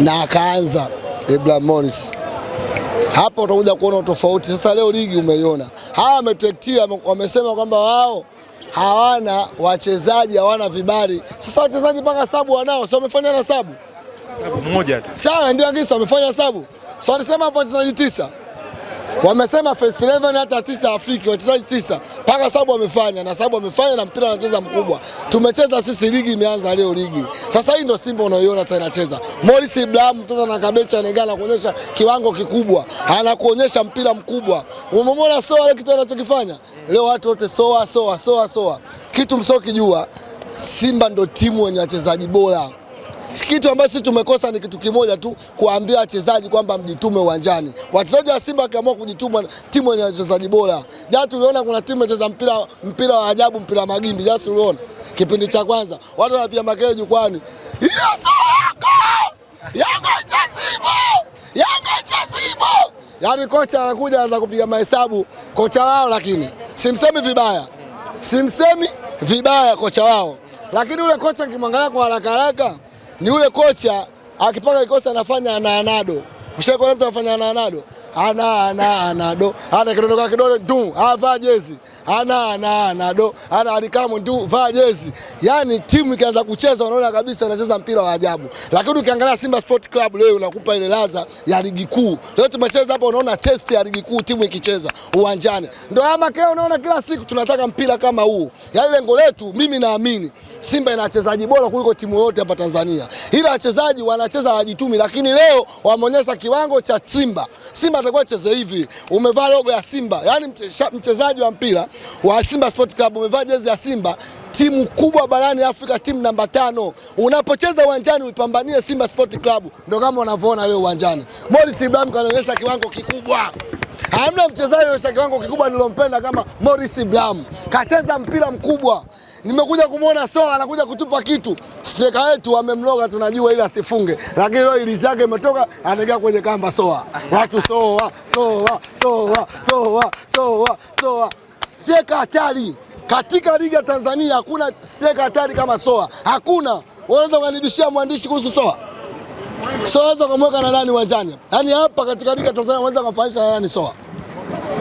na akaanza Ibrahim Morris. Hapa utakuja kuona utofauti. Sasa leo ligi umeiona, hawa wametektia, wamesema kwamba wao hawana wachezaji, hawana vibali. Sasa wachezaji mpaka sabu wanao, sio wamefanya na sabu sabu moja tu, sawa ndio angisa wamefanya sabu, so walisema hapo wachezaji tisa Wamesema first 11 hata tisa afiki wachezaji tisa mpaka sababu wamefanya na sababu wamefanya na mpira anacheza mkubwa. Tumecheza sisi, ligi imeanza leo ligi. Sasa hii ndio Simba unaoiona sasa inacheza. Morris Ibrahim mtoto na Kabecha anegana kuonyesha kiwango kikubwa. Anakuonyesha mpira mkubwa. Umemwona Soa leo kitu anachokifanya? Leo watu wote Soa Soa Soa Soa. Kitu msokijua Simba ndio timu wenye wachezaji bora. Kitu ambacho sisi tumekosa ni kitu kimoja tu, kuambia wachezaji kwamba mjitume uwanjani. Wachezaji wa Simba wakiamua kujituma, timu yenye wachezaji bora. Jana tuliona kuna timu inacheza mpira mpira wa ajabu, mpira magimbi. Jana tuliona kipindi cha kwanza watu wanapiga makelele jukwani, hiyo sio yako, yaani kocha anakuja anaanza kupiga mahesabu. Kocha wao lakini simsemi vibaya, simsemi vibaya kocha wao, lakini ule kocha nikimwangalia kwa haraka haraka ni ule kocha akipanga kikosi anafanya anaanado. Ushakuona mtu anafanya anaanado ana ana anado ana kidondoka kidole tu avaa jezi ana ana anado ana alikamu tu vaa jezi. Yani timu ikianza kucheza unaona kabisa anacheza mpira wa ajabu, lakini ukiangalia Simba Sport Club leo unakupa ile ladha ya ligi kuu. Leo tumecheza hapa, unaona test ya ligi kuu timu ikicheza uwanjani. Ndio haya makeo unaona kila siku tunataka mpira kama huu, yani lengo letu mimi naamini Simba ina wachezaji bora kuliko timu yote hapa Tanzania, ila wachezaji wanacheza wajitumi, lakini leo wameonyesha kiwango cha Simba. Simba atakuwa cheze hivi, umevaa logo ya Simba, yaani mchezaji wa mpira wa Simba Sport Club umevaa jezi ya Simba timu kubwa barani Afrika, timu namba tano. Unapocheza uwanjani uipambanie Simba Sport Club, ndio kama unavyoona leo uwanjani. Morris Ibrahim kanaonyesha kiwango kikubwa. Hamna mchezaji anaonyesha kiwango kikubwa nilompenda kama Morris Ibrahim, kacheza mpira mkubwa nimekuja kumwona Soa anakuja kutupa kitu. Steka wetu amemloga tunajua, ili asifunge, lakini leo ilizi yake imetoka, anaingia kwenye kamba. Soa watu, Soa Soa Soa Soa Soa Soa, steka hatari katika ligi ya Tanzania. Hakuna steka hatari kama Soa, hakuna. Unaweza ukanibishia mwandishi kuhusu Soa? Soa unaweza ukamweka na nani uwanjani? Yaani hapa katika ligi ya Tanzania unaweza kumfananisha na nani Soa?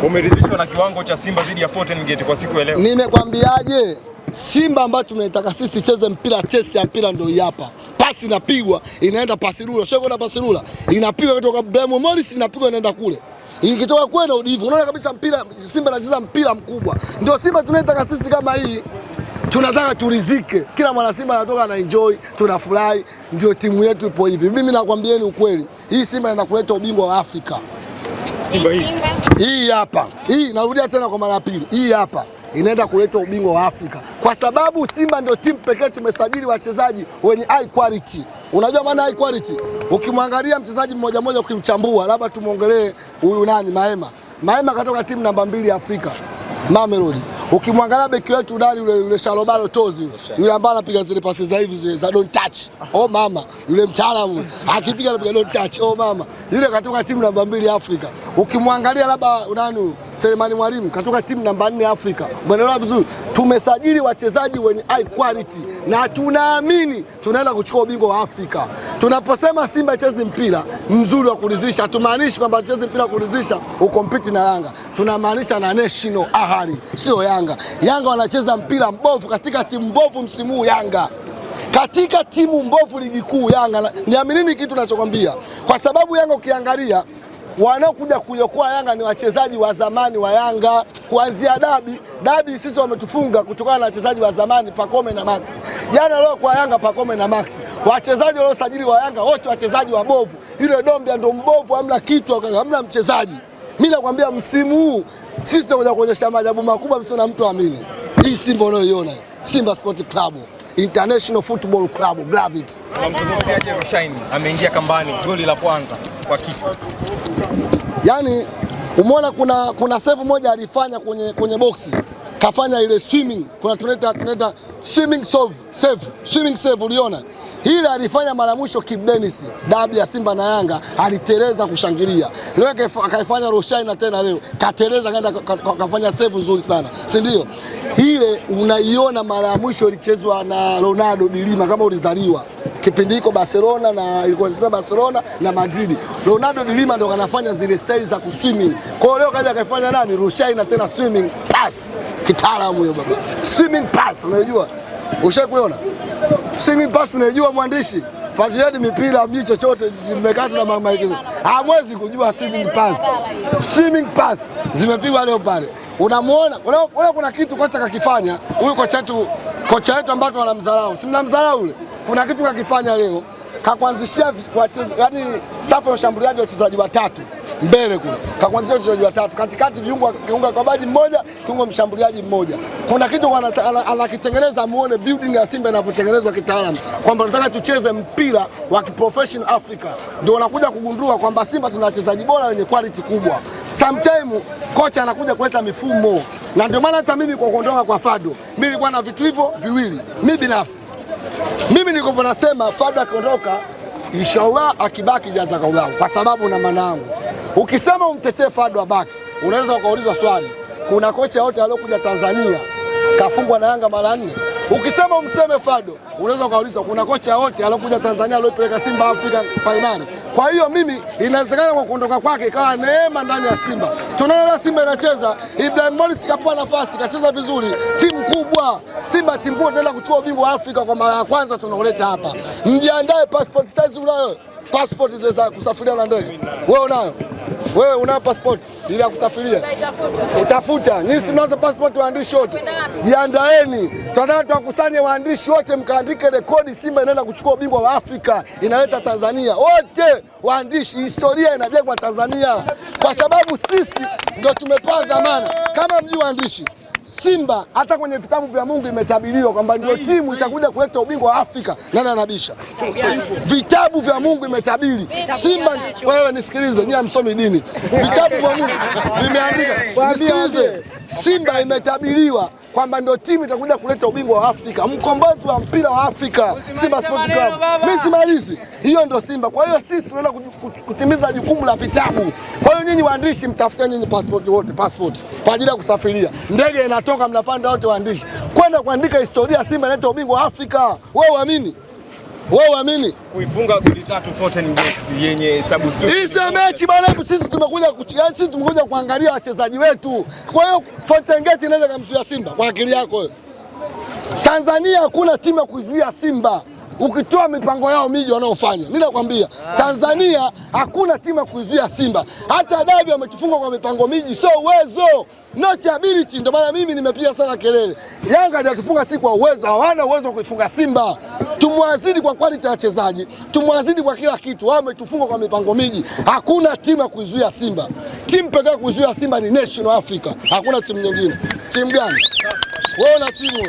Umeridhishwa na kiwango cha Simba dhidi ya Fountain Gate kwa siku ya leo? Nimekwambiaje? Simba ambayo tunaitaka sisi cheze mpira, test ya mpira ndio hapa. Pasi inapigwa inaenda pasirula, sio kwenda pasirula, inapigwa kutoka Diamond Morris, inapigwa inaenda kule, ikitoka kwenda udivu. Unaona kabisa mpira, Simba anacheza mpira mkubwa, ndio Simba tunaitaka sisi. Kama hii tunataka turizike, kila mwana Simba anatoka na enjoy, tunafurahi, ndio timu yetu ipo hivi. Mimi nakwambieni ukweli, hii Simba inakuleta ubingwa wa Afrika, Simba hii hii hapa hii, narudia tena kwa mara ya pili, hii hapa inaenda kuleta ubingwa wa Afrika kwa sababu Simba ndio timu pekee tumesajili wachezaji wenye high quality. Unajua maana high quality, ukimwangalia mchezaji mmoja mmoja, ukimchambua, labda tumwongelee huyu nani, Maema. Maema katoka timu namba mbili Afrika Mamelodi Ukimwangalia beki wetu ndani yule yule Shalobalo Tozi yule ambaye anapiga zile pasi za hivi zile za don't touch. Oh mama, yule mtaalamu akipiga anapiga don't touch. Oh mama, yule katoka timu namba mbili Afrika. Ukimwangalia labda nani Selemani Mwalimu katoka timu namba 4 Afrika, umeelewa vizuri. Tumesajili wachezaji wenye high quality na tunaamini tunaenda kuchukua ubingwa wa Afrika. Tunaposema Simba ichezi mpira mzuri wa kuridhisha, hatumaanishi kwamba ichezi mpira wa kuridhisha ukompiti na Yanga, tunamaanisha na national ahali, sio Yanga. Yanga wanacheza mpira mbovu katika timu mbovu msimu huu Yanga katika timu mbovu ligi kuu Yanga. Niaminini kitu nachokwambia, kwa sababu Yanga ukiangalia wanaokuja kuiokoa Yanga ni wachezaji wa zamani wa Yanga, kuanzia dabi dabi, sisi wametufunga kutokana na wachezaji wa zamani Pakome na Max. Jana leo kwa Yanga Pakome na Max, wachezaji waliosajili wa Yanga wote wachezaji wabovu. Yule Dombia ndo mbovu, hamna kitu, hamna mchezaji. Mimi nakwambia msimu huu sisi tutakuja kuonyesha maajabu makubwa, msio na mtu amini. Hii Simba unayoiona Simba Sport Club International Football Club Gravity. Tunamzungumziaje Rushaini? Ameingia kambani goli la kwanza kwa kichwa yani umeona kuna, kuna save moja alifanya kwenye, kwenye boxi kafanya ile swimming, kuna tunaita tunaita swimming save save swimming save. Uliona ile alifanya mara mwisho Kibu Denis, dabi ya Simba na Yanga, aliteleza kushangilia. Leo akaifanya Rushaina tena leo kateleza, kaenda kafanya save nzuri sana, si ndio? Ile unaiona mara ya mwisho ilichezwa na Ronaldo Dilima, kama ulizaliwa kipindi hiko Barcelona na ilikuwa sasa Barcelona na Madrid. Ronaldo de Lima ndo kanafanya zile style za swimming. Kwa hiyo leo kaja akaifanya nani? Rushai na tena swimming pass. Kitaalamu huyo baba. Swimming pass unajua? Ushakuona? Swimming pass unajua mwandishi? Faziliani mipira mimi chochote nimekata na mama yake. Hamwezi kujua swimming pass. Swimming pass zimepigwa leo pale. Unamuona? Unaona kuna kitu kocha kakifanya. Huyu kocha wetu kocha wetu ambaye tunamdharau. Si mnamdharau yule? kuna kitu kakifanya leo, kakuanzishia yani safu ya ushambuliaji wachezaji watatu mbele kule kakuanzishia wachezaji watatu katikati, viungwa kiunga kwa baji mmoja, kiungwa mshambuliaji mmoja. Kuna kitu anakitengeneza, muone building ya Simba inavyotengenezwa kitaalamu, kwamba tunataka tucheze mpira wa kiprofession Africa. Ndio unakuja kugundua kwamba Simba tuna wachezaji bora wenye quality kubwa. Sometime kocha anakuja kuleta mifumo, na ndio maana hata mimi kwa kuondoka kwa Fado, mimi nilikuwa na vitu hivyo viwili, mimi binafsi mimi nilikuwa nasema Fadlu akiondoka, inshallah akibaki jazakallahu, kwa sababu na maana yangu ukisema umtetee Fadlu abaki, unaweza ukaulizwa swali, kuna kocha yote aliyokuja Tanzania kafungwa na Yanga mara nne? Ukisema umseme Fadlu, unaweza ukaulizwa, kuna kocha yote aliyokuja Tanzania aliyopeleka Simba Afrika fainali kwa hiyo mimi, inawezekana kwa kuondoka kwake ikawa neema ndani ya Simba. Tunaona Simba inacheza, Ibrahim Morris kapewa nafasi, kacheza vizuri, timu kubwa Simba, timu kubwa tunaenda kuchukua ubingwa wa Afrika kwa mara ya kwanza, tunaoleta hapa. Mjiandae passport size unayo, passport za kusafiria na ndege, wewe unayo? Wewe una passport ili ya kusafiria utafuta. Nyinyi si mnazo passport waandishi wote? Jiandaeni, tunataka tuwakusanye waandishi wote mkaandike rekodi, Simba inaenda kuchukua ubingwa wa Afrika, inaleta Tanzania wote waandishi. Historia inajengwa Tanzania kwa sababu sisi ndio tumepewa dhamana kama mji waandishi Simba hata kwenye vitabu vya Mungu imetabiriwa kwamba ndio timu itakuja kuleta ubingwa wa Afrika. Nani anabisha? Vitabu vya Mungu imetabiri Simba. Wewe nisikilize, nyie hamsomi dini. Vitabu vya Mungu vimeandika, nisikilize Simba imetabiriwa kwamba ndio timu itakuja kuleta ubingwa wa Afrika, mkombozi wa mpira wa Afrika, Simba Sports Club. Mimi simalizi, hiyo ndio Simba. Kwa hiyo sisi tunaenda kutimiza jukumu la vitabu. Kwa hiyo nyinyi waandishi, mtafute nyinyi passport wote, passport kwa ajili ya kusafiria. Ndege inatoka, mnapanda wote waandishi kwenda kuandika historia, Simba inaleta ubingwa wa Afrika. Wewe uamini? wewe uamini kuifunga goli tatu Fountain Gate yenye Hii sio mechi bwana, sisi tumekuja yaani sisi tumekuja kuangalia wachezaji wetu. Kwa hiyo Fountain Gate inaweza kumzuia Simba kwa akili yako. Tanzania hakuna timu ya kuzuia Simba ukitoa mipango yao miji wanaofanya, mimi nakwambia Tanzania hakuna timu ya kuizuia Simba. Hata dabi wametufunga kwa mipango miji, sio uwezo, not ability. Ndio maana mimi nimepiga sana kelele, Yanga hajatufunga si kwa uwezo, hawana uwezo wa kuifunga Simba. Tumwazidi kwa quality ya wachezaji, tumwazidi kwa kila kitu. Wao wametufunga kwa mipango miji, hakuna timu ya kuizuia Simba. Timu pekee kuizuia Simba ni National Africa, hakuna timu nyingine. Timu gani wewe una timu